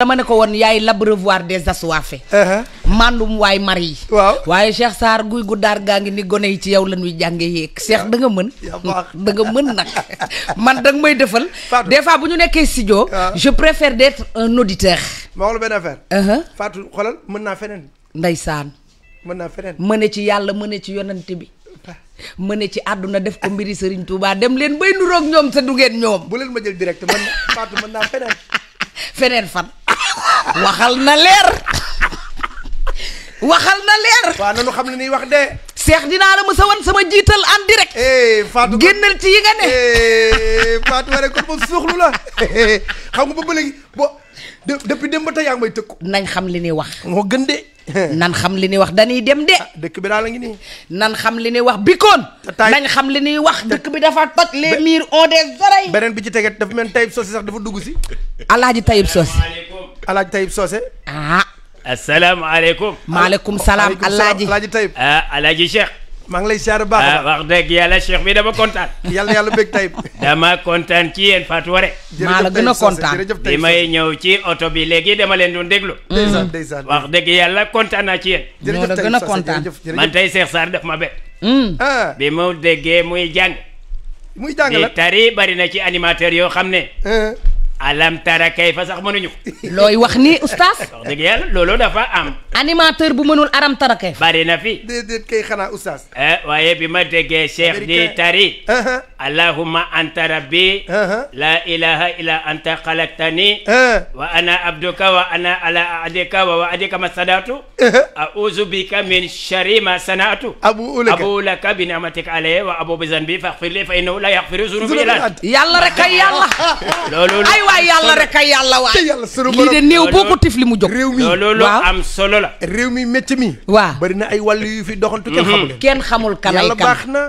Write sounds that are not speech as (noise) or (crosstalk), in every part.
dama ne ko woon yaay l'abreuvoir des assoiffés. Uh-huh. mandum waay mar yi. waaw waaye Cheikh Sarr guy daar gaa ngi ni gone yi ci yow la ñuy jànge yéeg. Cheikh da nga mën. (laughs) da mën nag (laughs) man da may defal. des fois bu ñu nekkee si studio. Uh-huh. je préfère d'être un auditeur. ma wax la uh-huh. mën naa feneen. ndeysaan. mën naa feneen mëne ci yàlla mëne ci yonante bi. mëne ci àdduna def ko mbiri Serigne Touba dem leen bay nuroog ñoom sa du ngeen ñoom. bu leen ma jël direct mën Fatou mën naa feneen. (laughs) feneen fan. waxal na leer waxal na leer. wa nanu xamni ni wax de. cheikh dina la mës sama jital en direct. Eh, Fatou gennal ci yi nga ne. Eh, Fatou rek ko moom lah. la (laughs) xam nga ba legi bo depuis dem ba tay ak may tekk nañ xam li ni wax. mo gën de. (laughs) nan xam li ni wax dañuy dem de. Ah, dekk bi da la ngi ni nan xam li ni wax bikon nañ xam li ni wax dekk bi dafa tok les murs ont des oreilles. benen bi ci tege dafa men Tayib sosi sax dafa dugg si. Alaaji Tayib sosi Alaaji Tayib Socé. ah. asalaamaaleykum. maaleykum salaam Alaaji Alaaji Tayib. ah Alaaji Cheikh. maa ngi lay siyaar baax a ah, wax yàlla Cheikh bi dama kontaan. yàlla yàlla bëgg Tayib. dama kontaan ci yéen Fatou Waré. maa la gën a kontaan bi may ñëw ci oto bi léegi dama leen doon déglu. Mm. ndeysaan ndeysaan wax yàlla kontaan naa ci yéen. ñoo kontaan man tey Cheikh Sarr daf ma bett. Mm. Ah. bi mu déggee muy jàng. muy di tari bari na ci animateur yoo xam ne. Eh. alam tara kay fa sax mënuñu ko. looy wax ni oustaz. wax deug yàlla lolo dafa am. animateur bu mënul aram tara kay bari na fi. dedet kay xana oustaz. waaye bi ma dege cheikh ni tari. allahumma anta rabbi. la ilaha illa anta khalaqtani wa ana abduka wa ana ala adika wa wa adika masadatu. auzu bika min sharri ma sanatu abu ulaka abu ulaka bi ni'matik alayya wa abu bizanbi zanbi faxfir li fa innahu la yaghfiru zunuba illa anta. yàlla rek ay yàlla. loolu. waay yàlla rek a yàlla waay. lii de néew boo ko tifli mu jóg. réew mi loolu am solo la. réew mi métti mi. waaw bari na ay wàll yu fi doxantu. kenn xamul mhm. kenn xamul kanay kan baax na.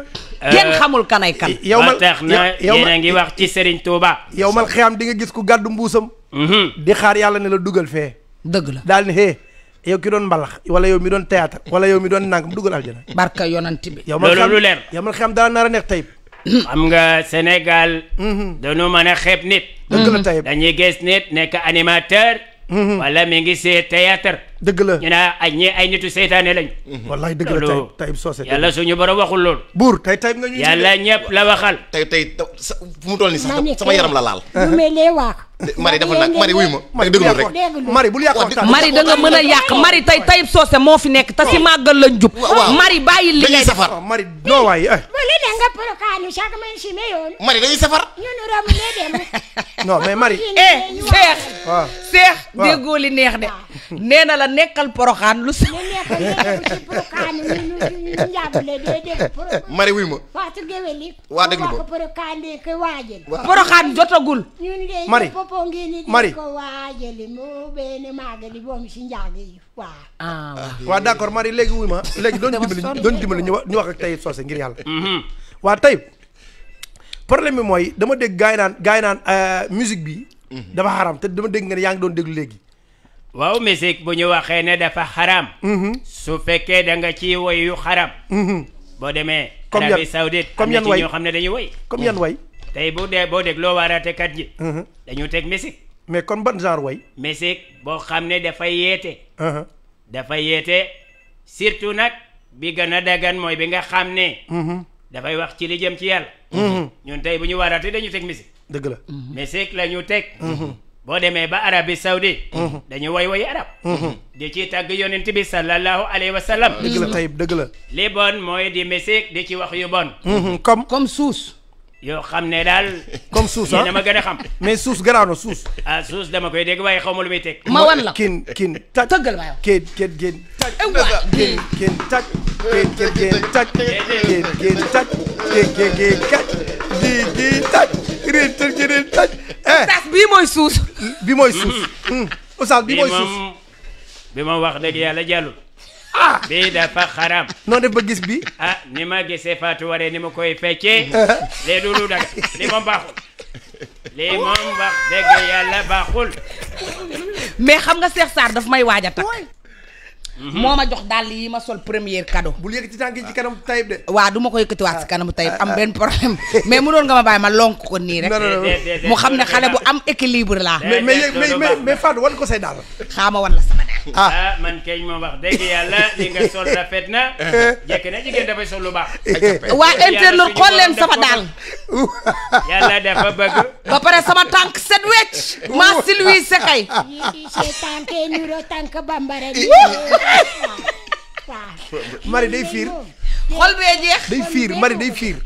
Euh, kenn xamul kanay kan. yow mal tax na yéen a ngi wax ci Serigne Touba. yow mal di nga gis ku gàddu mbuusam. Mhm. di xaar yàlla ne la dugal fee. dëgg la daal ni hee. yow ki doon mbalax wala yow mi doon théâtre wala yow mi doon nangam dugal aljana. barka yonanti bi. yow mal xam loolu lu neex tey xam nga Sénégal. Mm-hmm. dañu mën a xeeb nit. dëgg la tey dañuy gis nit nekk animateur. Mm-hmm. wala mi ngi sé théâtre deug la ñu na ay ñi ay nitu sétané lañ mm-hmm. wallahi deug la tay tay sosé yalla suñu borom waxul lool bur tay tay nga ñu yalla ñepp la waxal tay tay fu mu toll sax sama yaram la laal lu mel ne mari dafa nak mari wuy mari dëggul rek mari lu yàq wax mari da nga mëna a mari tay tay sosé mo fi nekk ta ci magal lañ jup mari bayil li ngay safar mari way eh wala le nga prokaanu chaque man si meyoon mari dañuy safar ñu ram ne dem non mais mari eh seex seex ah. déggoo li neex de nee na la nekkal poroxaan lu sax mari wuy ma waa déglu ma poroxaan jotagul mari mari ah, ah, waaw d'accord mari léegi wuy ma léegi doon dimbali doon dimbali ñu wax ñu wax ak tey soose ngir yàlla mhm. waa tey problème bi mooy dama dégg gaay naan gaay naan euh, musique bi Mhm. dafa xaram te dama dégg nga ne yaa ngi doon déglu léegi. waaw musique bu ñu waxee ne dafa xaram. Mhm. su fekkee da nga ciy woy yu xaram. Mhm. boo demee. comme yan Arabie comme yan way ñoo xam ne dañuy woy. comme yan way. tey bu dee boo dégloo waaraatekat ji. dañu teg musique. mais kon ban genre way. musique boo xam ne dafa yeete. dafa yeete surtout nag bi gën a dagan mooy bi nga xam ne. dafay wax ci li jëm ci yàlla. ñun tey bu ñu waaraatee dañu teg musique. dëgg la musique mhm. la ñu teg mhm. boo demee ba Arabie Saoudi mhm. dañu woy woy arab di ci tàgg yonent bi sallallahu alayhi wa sallam dëgg la tayib dëgg li bon mooy di musique di ci wax yu bon comme comme suus yoo xam ne daal. (laughs) comme suus (laughs) ah ma gën a xam. mais suus garaaw na suus. (laughs) ah suus dama koy dégg waaye xaw ma lu muy teg. ma wan la kin kin taj tëggal ma yow. kin kin kin taj. kin kin taj. kin kin kin taj. kin kin taj. kin kin kin kaj. di di taj. rin tëj rin taj. tas bii mooy suus. bi mooy suus. Hmm. oustaz bi mooy suus. bi moom bi moom wax dëgg yàlla jàllul. ah bii dafa xaram. noo def ba gis bi ah ni ma gisee Fatou Waré ni ma koy feccee. lee (laughs) du lu daga li moom baaxul. lii moom wax dëgg yàlla baaxul. mais xam nga Cheikh Sarr daf may waaj a takk. Mhm. moo ma jox dàll yi ma sol premier cadeau. bul yëkkati tànk yi ci kanam tayib de. waaw du ma ko yëkkatiwaat ci ah, kanamu tayib ah, am ah. benn problème mais munoon nga ma bàyyi ma lonk ko nii rek. mu xam ne xale bu am équilibre laa. mais mais mais mais Fatou wan ko say dàll. xaama wan la sama Ah. ah man keñ ma wax dëgg yàlla li nga (laughs) lu baax. waa internet xool leen sama (laughs) daal. ba pare sama tànk set wecc. maa silwi kay. tànk nuro tànk bambara. mari day fiir. xol bee jeex. day fiir mari day fiir.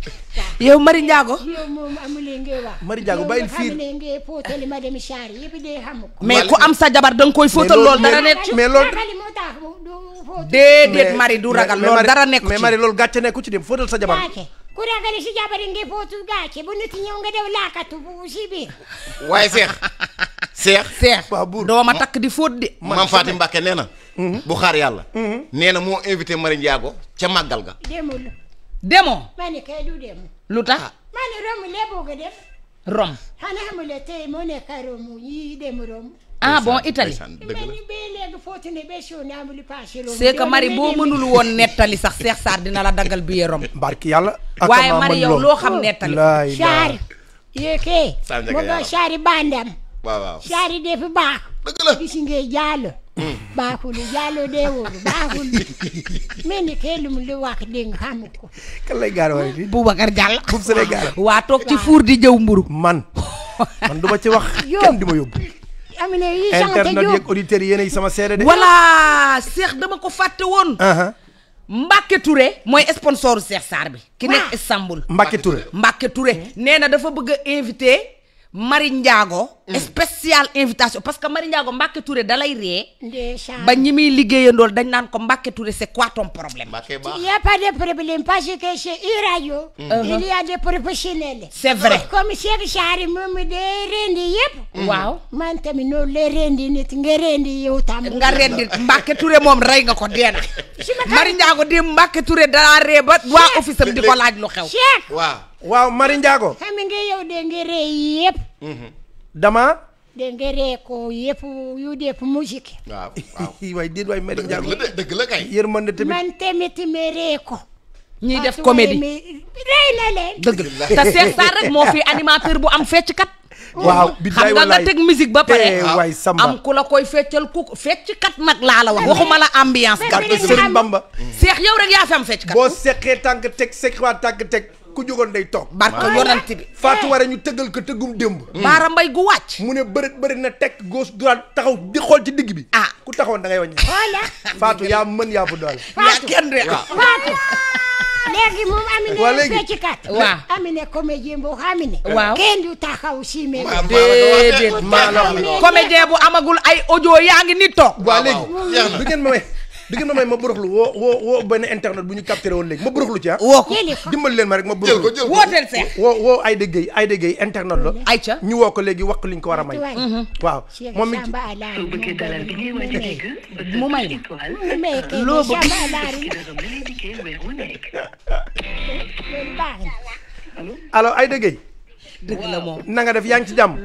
yow mari Ndiago. yow moom amulee ngay wax. mari Ndiago bàyyil fiir mais ku am sa jabar danga koy fóotal loolu dara nekk ci. mais loolu déedéet mari du ragal dara nekk ci. mais mari loolu gàcce nekku ci dem fóotal sa jabar. ku ragal si jabar yi ngay fóotu gàcce bu nit ñëw nga dew laakatu bu si biir. waaye seex. seex seex. waaw buur takk di fóot de. maam Fatim Mbacke nee na. bu xaar yàlla. nee na moo invité Mari Ndiago ca màggal ga. demul lu tax. Ah. maa ne a def. Rome. xanaa xamul ne tey moo nekk Rome yii dem Rome. Ah, boo mënul woon nettali sax Cheikh Sarr dina la daggal billet Rome. barki yàlla ak waaye Marie loo xam nettali. laay Sarr. yéekee. Sarr njëkk a yàlla def baax. dëgg la gis nga jàll. baaxul yàlla dee wóoru baaxul mel ni kee lu mu li wax dégg nga xamu ko. kan lay gaar waaye bi Boubacar Diallo. Boub Sénégal waa toog ci fuur di jëw mburu man man du ci wax. kenn di ma yóbbu. Amina yi internet yeeg auditeurs yi yéenay sama seede de. voilà Cheikh dama ko fàtte woon. Uh-huh. Mbacke Touré mooy sponsor Cheikh Sarr bi. ki nekk Istanbul. Mbacke Touré Mbacke hmm. nee na dafa bëgg invité. Mari Ndiago. Mm. spécial invitation parce que Mari Ndiago Mbacke Touré da ree. ba ñi muy liggéeyandool dañ naan ko Mbacke Touré c'est quoi ton problème. Mbacke baax il y a de problème parce que c'est une radio. Mm. Uh-huh. il y a des professionnels. c'est vrai oh, comme Cheikh Saari moom day rendi yëpp. Mm-hmm. waaw man tamit noonu lay rendi nit nga rendi yow tam. nga rendi Mbacke Touré moom rey nga ko dee na. Mari Ndiago di Mbacke Touré da ree ba waa office am di ko lu xew. waaw dengere yëpp. Mhm. dama. dengere ko yëpp yu def musique. waaw waaw (laughs) waay déet waay Mary Ndiago dëgg la kay. yërmande tamit man tamit meree ko. ñuy def ah, comédie rey na leen. dëgg la moo fi animateur bu am fecc kat. waaw billaay wallaay ba pare. Eh, waay samba am ku la koy feccal ku fecc kat nag laa la wax. waxuma la ambiance kat. Serigne Bamba. Cheikh yow rek yaa am fecc kat. boo seqee tànk teg seqewaat tànk teg. ku jógoon day toog barka yonent bi Fatou Waré ñu tëggal ko tëggum démb mm. baara mbay gu wàcc mu ne bërit bërit na tekk gauche droite taxaw di xool ci digg bi ah ku taxawoon da ngay wàññi voilà Fatou yaa mën yaa bu doole yaa kenn rek Fatou léegi moom Amine waa léegi taxaw si mais déedéet amagul ay audio yaa ngi ni to waaw léegi du ngeen ma may di ngeen ma may ma boroxlu woo woo woo benn internet bu ñu capturé woon léegi ma boroxlu ci ah. woo ko leen ma rek ma boroxlu jël woo woo Aïda Gueye Aïda Gueye internet la. ayca ñu woo ko léegi wax li ñu ko war a may. Mm-hmm. waaw moom mi. mu may la loo bëgg. alors Aïda Gueye. dëgg la moom na nga def yaa ngi ci jàmm.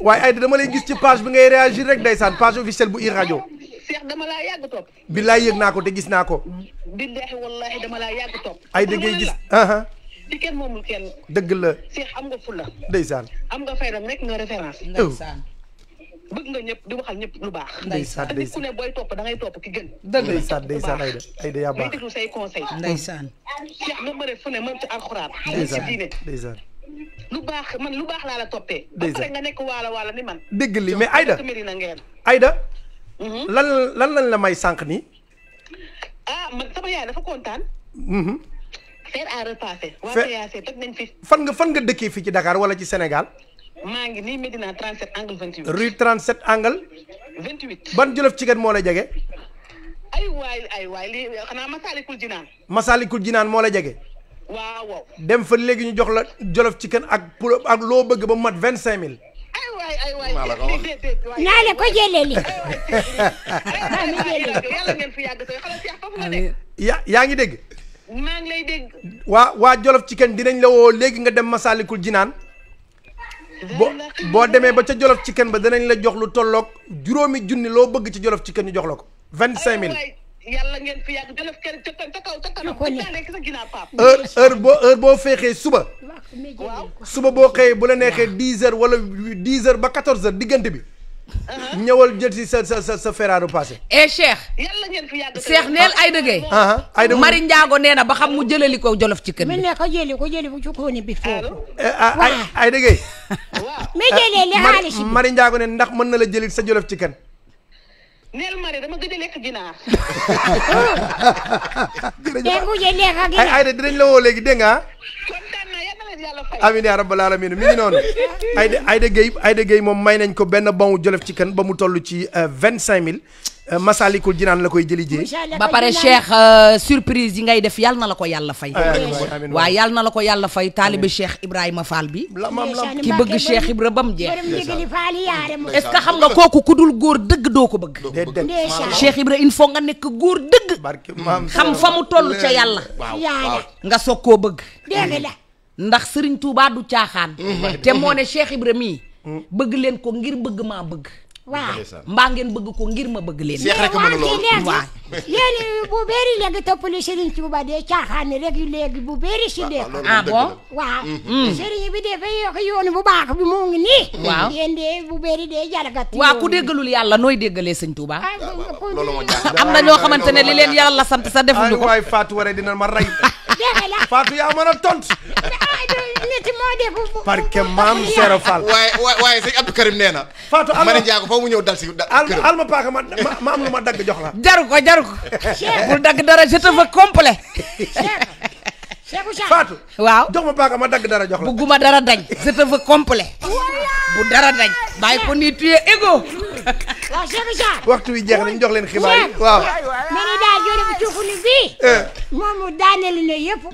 waaye Aïda dama lay gis ci page bi ngay réagir rek ndeysaan page officielle bu i rajo. Cheikh dama laa yàgg topp. billaay yëg naa ko te gis naa ko. billahi wallahi dama laa yàgg topp. ay dëggee gis ah, ah. ci kenn moomul kenn. dëgg la. Cheikh am nga fulla. ndeysaan am nga fayram nekk nga référence. Oh. bëgg nga ñëpp di waxal ñëpp lu baax. nday ndeysaan te ne booy topp da ngay topp ki dëgg la ndeysaan ndeysaan ay de ay de yaa baax. ngay déglu nga mëne fu ne mën ci alxuraan. ndeysaan ndeysaan lu baax man lu baax laa la toppee. ndeysaan ba nga nekk waalo waala ni man. dëgg li mais Aida Ayda. Mm-hmm. lan lan lan la may sank ni ah man sama yaay dafa kontaan. Mm-hmm. faire à repasser. waa CAC tok nañ fi. fan nga fan nga dëkkee fi ci Dakar wala ci Sénégal. mangi ni Medina 37 angle 28. rue 37 angle. 28. ban jolof ci gan mo la jege. ay way ay waay lii xanaa Masalikul Jinaan. Masalikul jinan mo la jege. waaw waaw. dem fa léegi ñu jox la jolof ci kan ak ak lo bëgg ba mat 25000. waay ay (laughs) waay naa la ko jëlee li (laughs) yàlla ngeen fi yàgg yaa ngi dégg maa lay dégg waa waa Jolof Chicken dinañ la woo léegi nga dem Masalikul Jinaan bo boo demee ba ca Jolof Chicken ba danañ la jox lu tolloog juróomi junni loo bëgg ci Jolof Chicken ñu jox la ko vingt cinq mille yàlla ngeen fi yàgg jëlëf kenn ca ca kaw ca kanam. nekk sa ginnaaw paap. heure heure boo boo feexee suba. suba boo xëyee bu la neexee dix heures wala dix heures ba quatorze heures diggante bi. Uh-huh. ñëwal jël si sa sa sa sa feraaru passé. et eh, Cheikh. ngeen fi yàgg Cheikh neel ay dëggee. ay dëggee Mari Ndiago nee na ba xam mu jëlali ko jolof ci kër gi. mu ne ko jëli ko jëli bu jukkoon bi foofu. ay ay dëggee. waaw mais jëlee li xaalis Mari Ndiago ne ndax mën na la jëli sa jolof ci kër. neel ma dama gëj a lekk ginaar. ay ay dinañ la woo léegi dégg nga amiin yaa rabbal alamin mi ngi noonu Aïda Aïda Gueye Aïda Gueye moom may nañ ko benn bon jolof ci kan ba mu toll ci euh, vingt cinq mille Euh, Masalikul Jinaan la koy jëli jee ba pare Cheikh euh, surprise yi ngay def yàlla na la ko yàlla fay waaw yàlla na la ko yàlla fay taalibe Cheikh Ibrahima faal bi ki bëgg Cheikh Ibra ba mu xam nga kooku ku dul góor dëgg doo ko bëgg Cheikh Ibra il faut nga nekk góor dëgg xam fa mu toll ca yàlla nga soog koo bëgg ndax Serigne Touba du caaxaan mm-hmm. te moo ne Cheikh Ibra mm. bëgg leen ko ngir bëgg maa bëgg waaw mbaa ngeen bëgg ko ngir ma bëgg leen. seex rek mën lool waaw léegi bu bëri léegi toppali Serigne Touba de caaxaan rek léegi bu bëri si dee. ah bon waaw. Mm. Mm. Serigne bi de fay yoon bu baax bi moo ngi nii. waaw yéen de bu bëri de jargat. waaw ku déggalul yàlla nooy déggalee sëñ Touba. Ah, loolu moo am na ñoo xamante ne li leen yàlla sant sa defuñu ko. ay dina ma rey. (laughs) dégg la yaa mën tont nit moo dégg parce que maam Sero Fall waaye waaye sëñ Abdou kër nee na Fatou alma Ndiago fa mu ñëw dal si alma paaka ma ma am lu ma dagg jox la jaru ko jaru dagg dara je te veux complet waaw jox ma paaka ma dagg dara jox la bugguma dara dañ je te veux complet bu dara dañ bàyyi ko nii tuye égo waaw Cheikh Sarr waxtu wi jeex nañ jox leen xibaar yi waaw. ma eh. ne daal yore bu cuxulu ne yëpp.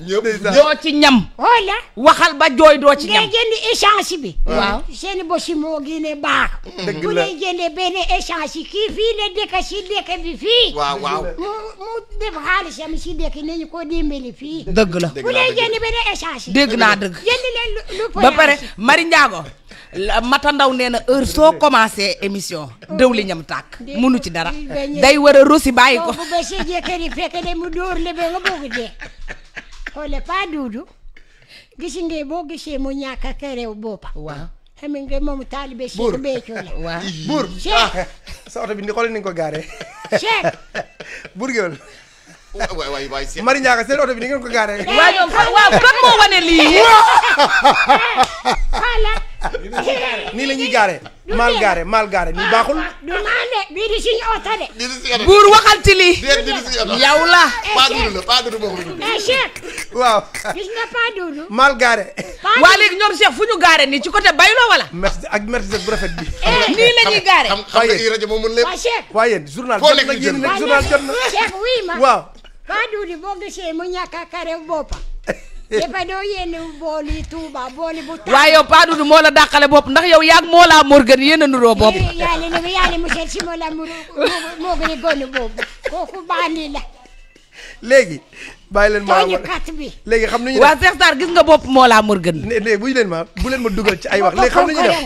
doo ci ñam. wala waxal ba jooy doo ci ñam. ngay jënd échange bi. waaw seen bosi moo génne bu lay jëndee benn échange kii fii la dëkk si dëkk bi fii. waaw waaw mu mu def xaalisam si dëkk nañu ko dimbali fii. dëgg la bu lay jënd benn échange. dëgg naa dëgg jënd leen lu lu ba pare Mari Ndiago. Mata Ndaw nee na soo commencé émission dëw li ñam tàkk munu ci dara day war a rosi bàyyi ko. bu bësee jëkkër yi fekk de mu dóor le nga bëgg dee xoole pas duudu gis nga boo gisee mu ñàkk a kerew boppa waaw xam ah, sa oto bi ni xool ko gaaree Cheikh buur géwél waay waay waay Cheikh bi ni ngeen ko moo wane lii Ah, nii la ñuy gaare mal gaare mal gaare nii baaxul du maal de bii di suñu oto de di suñu oto buur waxal ci lii di suñu la Paa Dudu la Paa Dudu boobu eh Cheikh eh, waaw gis nga Paa Dudu mal gaare (laughs) waa léegi ñoom fu ñu gaare nii ci côté Baylo wala merci ak bu rafet bi eh, nii la ñuy gaare xam nga i rajo moom mën journal jot na yéen nag journal jot na Cheikh wuy ma waaw Paa Dudu a kare dafa doo yéene booli Touba booli bu tànn. waaye yow Paa Dudu moo la dàqale bopp ndax yow yaa ngi moo laa Morgan yéen a nuroo bopp. yàlla na yàlla musal si moo la mu moo gën a gone boobu kooku baandi la. léegi. bàyyi ma bi léegi xam nañu. waaw Cheikh Sarr gis nga bopp moo laa Morgan. ne ne buy leen bu leen ma dugal ci ay wax léegi xam nañu def.